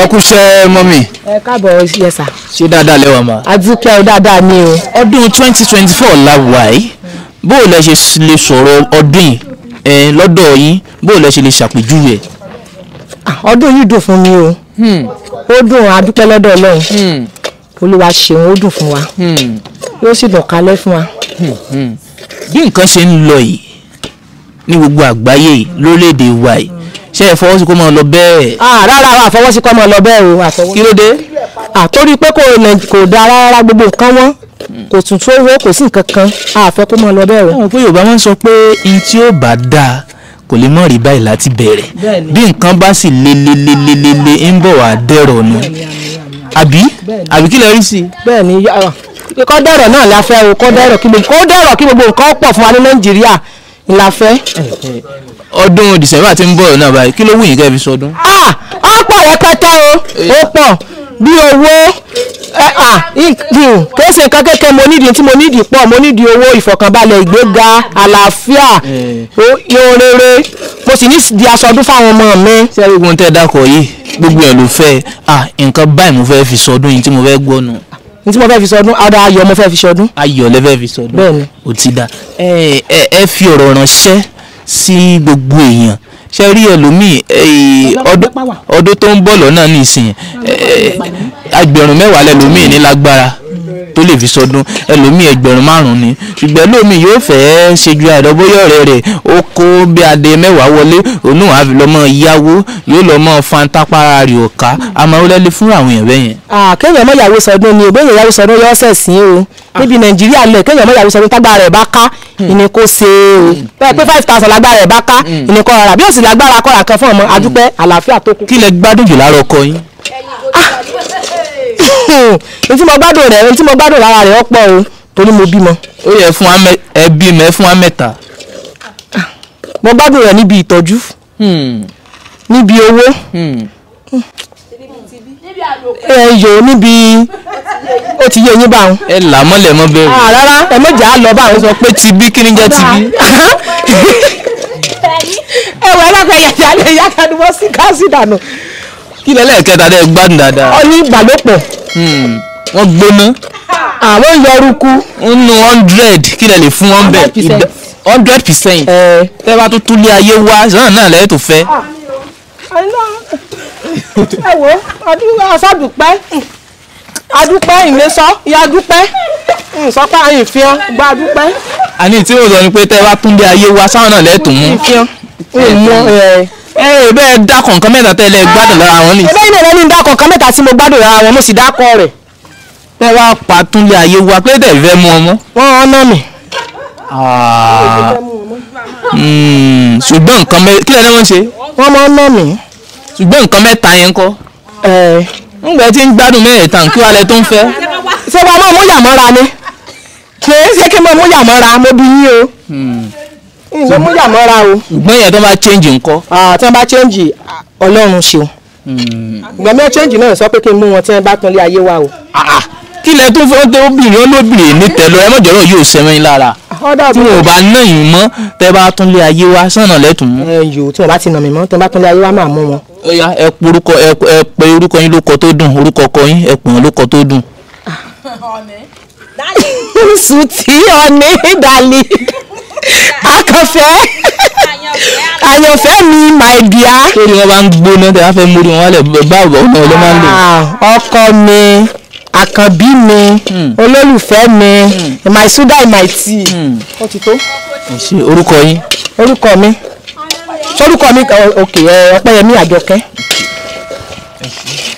ẹ kú iṣẹ́ mọ́mì. ẹ káàbọ̀ yes sir. ṣé dáadáa lẹ́wà máa. a ọ dáadáa ni o. ọdún twenty twenty four la wà yìí bó o lẹ ṣe lè sọ̀rọ̀ ọdún yìí lọ́dọ̀ yín bó o lẹ ṣe lè ṣàpèjúwe. Ah, ọdún yìí dùn fún mi o hmm. ó dùn a dúpẹ́ lọ́dọ̀ Ọlọ́run hmm. Olúwa ṣeun ó dùn fún wa hmm. yóò sì dùn kalẹ̀ fún wa. bí nǹkan ṣe ń lọ yìí ní gbogbo àgbáyé lórílẹ̀‐èdè wa yìí ṣé ẹ fọwọ́sí kó máa lọ bẹ́ẹ̀. rárá àwọn àfọwọ́sí kó máa lọ bẹ́ẹ̀ o àfọwọ́sí. kí ló dé. àtórí pé kò kò da rárá gbogbo nǹkan wọn kò tún tó owó kò sí nǹkan kan àfẹ́ kó máa lọ bẹ́ẹ̀ o. àwọn pé Yorùbá máa ń sọ pé ihun tí ó bá dáa kò lè mọ̀ rí báyìí láti bẹ̀rẹ̀ bí nǹkan bá sì lelelelelele ń bọ̀ wá dẹ̀rọ̀ nu àbí àbí kí lè rí sí. bẹ́ẹ̀ni kọ́ dẹ̀rọ̀ náà la fẹ́ o kọ́ dẹ̀rọ̀ kí gbogbo nǹkan pọ̀ fún wa ní Nàìjíríà la fẹ́. ọdún December ti ń bọ̀ náà báyìí kí ló wù yín kẹ́ fi sọdún. ó ah, pọ̀ rẹpẹtẹ o ó pọ̀ bí owó kéèsì hmm, nǹkan kékeré mo nídìí tí mo nídìí pọ̀ mo nídìí owó ìfọ̀kànbalẹ̀ ìgbéga àlàáfíà ohun rere mo sì ní di aṣọ ọdún fáwọn ọmọ mi. sẹ́rí gbọ́n tẹ́ dákọ̀ yìí gbogbo ẹ̀ ló fẹ́ nǹkan báyìí mo fẹ́ fi sọdún yìí tí mo fẹ́ gbọ́ nù ní tí mo fẹ́ fi sọdún ọdọ ayọ̀ mo fẹ́ fi sọdún. ayọ̀ lẹ fẹ́ fi sọdún bẹ́ẹ̀ni o ti da ẹ ẹ fi ọ̀rọ̀ ránṣẹ́ sí gbogbo èèyàn ṣe rí ẹlòmíì ọdún tó ń bọ̀ lọ́nà nísìnyí agbẹ̀rún mẹ́wàá lẹ́lòmíì ní lágbára tó lè fi sọdún ẹlòmíì ẹgbẹ̀rún márùn ni ṣùgbọ́n ẹlòmíì yóò fẹ́ ṣe ju àìdọ́ bóyá ọ̀rẹ́ rẹ̀ ó kó bí adé mẹ́wàá wọlé òun àá fi lọ́mọ yáwó yóò lọ́mọ fantápára rẹ̀ ọ̀ká àmọ́ ó lẹ́lẹ́ fún àwọn èèyàn bẹ́yẹn. kéèyàn mọ̀ yàwó sọdún ni òbẹ́yẹn yàwó sọdún yọ ọ̀sẹ̀ sí o níbi nàìjíríà lẹ̀ kéèyàn mọ̀ yàwó sọdún tágbára rẹ̀ bá ká ìní kò ṣe o bẹ́ẹ̀ pé five thousand lágbára rẹ̀ bá ká ìní kọ́ rárá bí ó sì lágbára kọ́ra kan fún ọmọ adúpẹ́ àlàáfíà tó kù. kí lẹ gbádùn jù láàárọ̀ ọkọ yín n tí mo gbádùn rẹ̀ n tí mo gbádùn lára rẹ̀ ọ̀pọ̀ o torí mo bímọ. ó yẹ fún ẹ bímọ ẹ fún wa mẹ́ta. mo gbádùn rẹ̀ níbi ìtọ́jú hmm. níbi owó hmm. ẹ níbi ó ti yé yín báwọn. ẹ là mọ́lẹ̀ mọ́ bẹ́ẹ̀. ah rárá ẹ mọ̀jà á lọ báwọn. sọ pé tibí kí ni jẹ́ tibí. ẹ wọ ẹ lọ́kọ̀ ẹ̀yà ìyá lè yá kanu wọ́n sí káàsì dànù kí lẹ́lẹ́ kẹta dẹ́ gbádùn dáadáa. ó ní ìbálòpọ̀. Hmm, wọ́n gbóná. àwọn yọrùkú. ń nu hundred kí lẹ lè fún wọn bẹ́ẹ̀ hundred percent. tẹ́ bá tún túlé ayé wá ìṣẹ́nà náà lẹ́yìn tó fẹ́. Ah. ẹ wo ọdún ọsọdùpẹ́ adúpẹ́ ìmẹ́sọ́ ìyá dúpẹ́ nsọ́pá ìfihàn gba adúpẹ́. àní tí mo sọ ni pé tẹ́ bá túlé ayé wá sáwọn náà lẹ́tùn mú. ìfihàn ìmọ̀ ẹ̀ ẹ ẹ bẹ́ẹ̀ dákọ̀ nǹkan mẹ́ta tẹ́lẹ̀ gbádùn lára wọn ni. ẹbẹ́ ìnira ni dákọ̀ nǹkan mẹ́ta tí mo gbádùn lára wọn mo sì dákọ̀ rẹ̀. wọ́n wá pa ayé wa pé dẹ̀ fẹ́ mú ọmọ. wọ́n ọ̀nà mi. Ah. Hmm, ṣùgbọ́n nǹkan mẹ́ta kí lẹ́nu wọ́n ṣe. wọ́n mọ ọ̀nà mi. ṣùgbọ́n nǹkan mẹ́ta yẹn kọ́. ǹgbẹ́ tí ń gbádùn mẹ́ẹ̀ta kí wàá lẹ tó ń fẹ́. ṣé wàá mọ̀ mú yàmọ́ra ni kì í ṣe kí mo mú yàmọ́ra mo bí yín o. Hmm ìwé mú yà mọ́ra o. ṣùgbọ́n èèyàn tó bá change ńkọ́. tí wọ́n bá change ọlọ́run ṣeun. Hmm. ìgbà mi change náà sọ pé kí n mú wọn tí wọ́n bá tán lé ayé wa o. Ah, ah, kí lẹ tó fọ́n tó obìnrin olóbìnrin ní tẹ̀lọ ẹ mọ̀jọ́rọ̀ yóò sẹ́wọ́n lára tí wọn ò bá ná yín mọ́ tẹ́ bá tún lé ayé wa sànà lẹ́tùn mú. ẹ yòó tí wọn bá ti nà mí mọ́ tẹ́ bá tún lé ayé wa máa mú wọn. ó yá ẹ pe orúkọ ẹ pe orúkọ yín lóko tó dùn orúkọ ọkọ yín ẹ pè lóko tó dùn. Ah. sùtì ọ̀nì dàlí àyànfẹ́ àyànfẹ́ mi my dear. ṣé ni wọ́n bá ń gbóná tẹ́ wọ́n fẹ́ mórí wọn lẹ̀ báwo náà ló máa ń lò. Ah, ọkọ mi àkànbí mi hmm. olólùfẹ́ mi hmm. my soda my tea. Hmm. ó ti tó. ṣe orúkọ yín. orúkọ mi sorúkọ mi òkè ọpẹ́yẹmí àjọkẹ́.